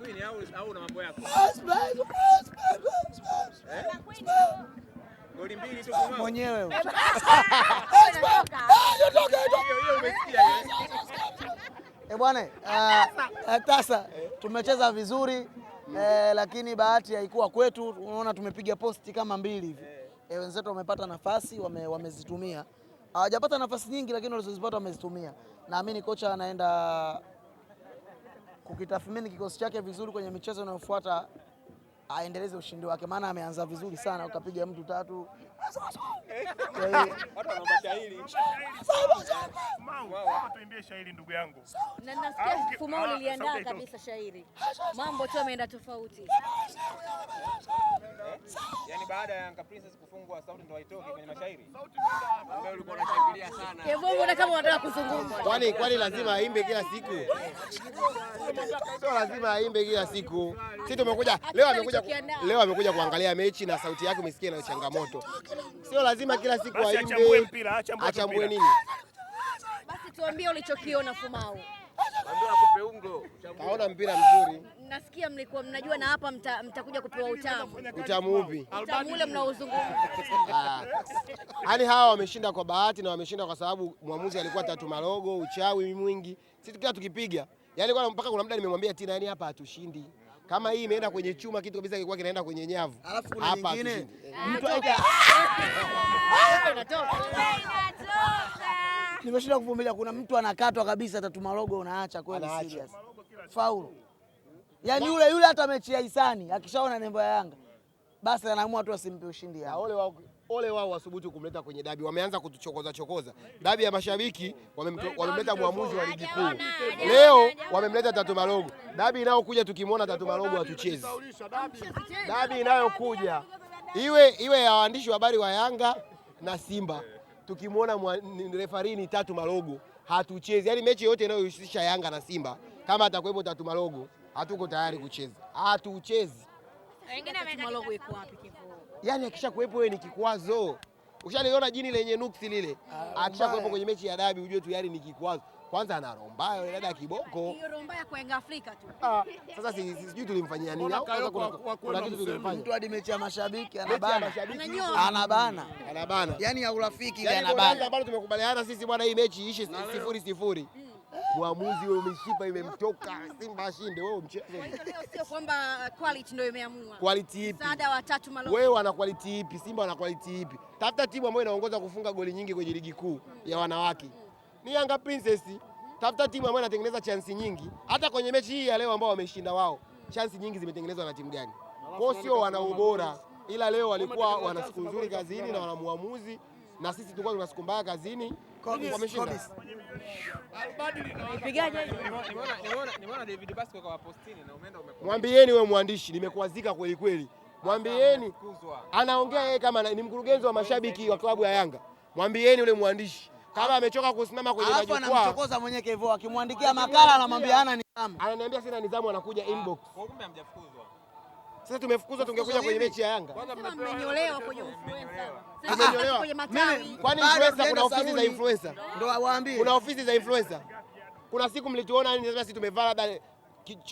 Queen au au na mambo yako? Eh? Goli mbili tu mwenyewe. Eh, bwana, eh, eh, tasa tumecheza vizuri eh, lakini bahati haikuwa kwetu. Unaona tumepiga posti kama mbili hivi. Eh, wenzetu wamepata nafasi wame, wamezitumia. Hawajapata nafasi nyingi lakini walizozipata wamezitumia. Naamini kocha anaenda ukitathmini kikosi chake vizuri kwenye michezo inayofuata aendeleze ushindi wake, maana ameanza vizuri sana, ukapiga mtu tatu tuimbie shairi ndugu yangu, na nasikia kabisa shairi, mambo tu ameenda tofauti eh? baada ya Yanga Princess kufungwa sauti ndio haitoki kwenye mashairi. Ambayo ulikuwa unashangilia sana. mbona kama unataka kuzungumza. Kwani kwani lazima aimbe kila siku? Sio lazima aimbe kila siku. Sisi tumekuja leo amekuja leo amekuja kuangalia mechi na sauti yake umesikia ina changamoto. Sio lazima kila siku aimbe. Achambue mpira, achambue nini? Basi tuambie ulichokiona Fumau. Kaona mpira mzuri. Nasikia mlikuwa mnajua na hapa mtakuja kupewa utamu. Utamu upi? Utamu ule mnaozungumza. Ah. Yaani hawa wameshinda kwa bahati na wameshinda kwa sababu mwamuzi alikuwa tatu marogo, uchawi mwingi. Sisi tukiwa tukipiga, yani kwa mpaka kuna muda nimemwambia Tina, yani hapa hatushindi. Kama hii imeenda kwenye chuma kitu kabisa kilikuwa kinaenda kwenye nyavu. Alafu kuna nyingine. Mtu aita nimeshinda kuvumilia. Kuna mtu anakatwa kabisa tatu marogo, unaacha kweli, serious faulu. Yaani yule yule hata mechi ya Isani akishaona nembo ya Yanga basi anaamua tu asimpe ushindi Yanga. Ole wao ole wao wasubutu kumleta kwenye dabi, wameanza kutuchokoza chokoza. Dabi ya mashabiki wamemleta mwamuzi wa ligi kuu, leo wamemleta Tatu Marogo. Dabi inayokuja tukimwona Tatu Marogo hatuchezi. Dabi inayokuja iwe iwe ya waandishi wa habari wa Yanga na Simba tukimwona refari ni Tatu Malogo hatuchezi. Yani mechi yote inayohusisha Yanga na Simba kama atakuwepo Tatu Malogo hatuko tayari kucheza, hatuchezi. Yani akisha kuwepo wewe ni kikwazo. Ushaliona jini lenye nuksi lile, ah, akisha kuwepo kwenye mechi ya dabi ujue tu yani ni kikwazo kwanza ana roho mbaya yule dada kiboko. Hiyo roho mbaya kwa Afrika tu. Ah, sasa sijui tulimfanyia nini au kwanza kuna kitu tulimfanyia. Mtu hadi mechi ya mashabiki anabana. Anabana. Anabana. Yaani ya urafiki yaani ile anabana. Yaani ambao tumekubaliana sisi bwana hii mechi iishe sifuri sifuri. Muamuzi hmm. wewe umeshipa imemtoka Simba ashinde wewe mchezo. Kwa hiyo leo sio kwamba uh, quality ndio imeamua. Quality ipi? Saada wa tatu malo. Wewe ana quality ipi? Simba ana quality ipi? Tafuta timu ambayo inaongoza kufunga goli nyingi kwenye ligi kuu ya wanawake. Hmm ni Yanga Princess. Tafuta timu ambayo inatengeneza chansi nyingi, hata kwenye mechi hii ya leo ambao wameshinda wao, chansi nyingi zimetengenezwa na timu gani? Kwao sio wana ubora, ila leo walikuwa wana siku nzuri kazini na wana muamuzi, na sisi tulikuwa tuna siku mbaya kazini. mwambieni, wewe mwandishi, nimekuwazika kweli kweli. Mwambieni anaongea yeye kama ni mkurugenzi wa mashabiki wa klabu ya Yanga. Mwambieni yule mwandishi kama amechoka kusimama kwenye majukwaa. Hapo anamchokoza mwenyewe Kevo akimwandikia makala anamwambia hana nidhamu. Ananiambia sina nidhamu anakuja ah, inbox. Kwa kumbe hamjafukuzwa. Sasa tumefukuzwa tungekuja kwenye mechi ya Yanga. Mmenyolewa kwenye influencer. Kwani influencer kuna ofisi za influencer? Ndio waambie. Kuna ofisi za influencer. Kuna siku mlituona sasa tumevaa labda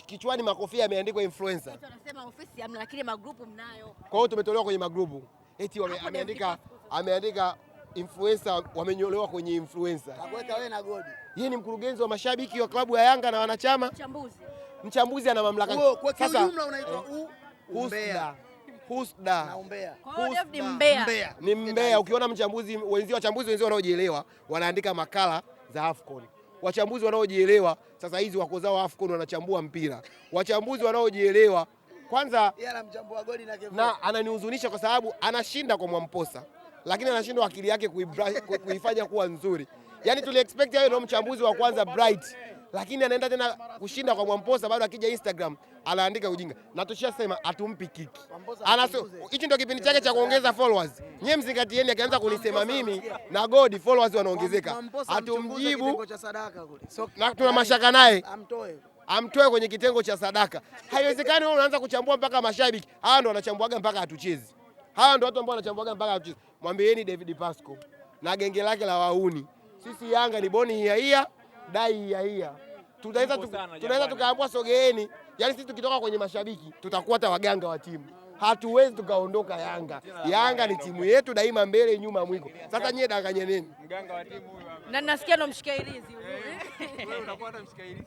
kichwani makofia yameandikwa influencer. Sasa nasema ofisi hamna lakini magrupu mnayo. Kwa hiyo tumetolewa kwenye magrupu. Eti ameandika ameandika influencer wamenyolewa kwenye influencer. Kakuweka wewe na Godi. Yeye ni mkurugenzi wa mashabiki wa klabu ya Yanga na wanachama. Mchambuzi. Mchambuzi ana mamlaka. Kwa kwa jumla unaitwa u Husda. Na umbea. Husda. Ni mbea. Ni mbea. Ukiona mchambuzi wenzio, wachambuzi wenzio wanaojielewa wanaandika makala za Afcon. Wachambuzi wanaojielewa sasa hizi wako zao Afcon wanachambua mpira. Wachambuzi wanaojielewa kwanza, yeye anamchambua Godi na Kevo. Na ananihuzunisha kwa sababu anashinda kwa Mwamposa lakini anashindwa akili yake kuifanya kuwa nzuri. Yani tuli expect yeye ndio mchambuzi wa kwanza Bright, lakini anaenda tena kushinda kwa Mwamposa, bado akija Instagram anaandika ujinga na tushasema atumpi kiki. Hichi ndio kipindi chake cha kuongeza followers. Nyie mzingatieni, akianza kunisema mimi na God followers wanaongezeka, atumjibu na tuna mashaka naye amtoe kwenye kitengo cha sadaka. Haiwezekani wewe unaanza kuchambua mpaka mashabiki. Hawa ndo wanachambuaga mpaka hatuchezi. Hawa ndio watu ambao wanachambua mpaka mwambieni David Pasco na genge lake la wauni. Sisi Yanga ni boni hiya hiya, dai hiya hiya. Tunaweza tunaweza tukaambua sogeeni. Yaani sisi tukitoka kwenye mashabiki tutakuwa hata waganga wa timu. Hatuwezi tukaondoka Yanga. Yanga ni timu yetu daima, mbele nyuma mwiko. Sasa nyie danganye nini? Mganga wa timu huyu hapa. Na nasikia ndo mshikailizi huyu. Eh. Wewe unakuwa ndo mshikailizi.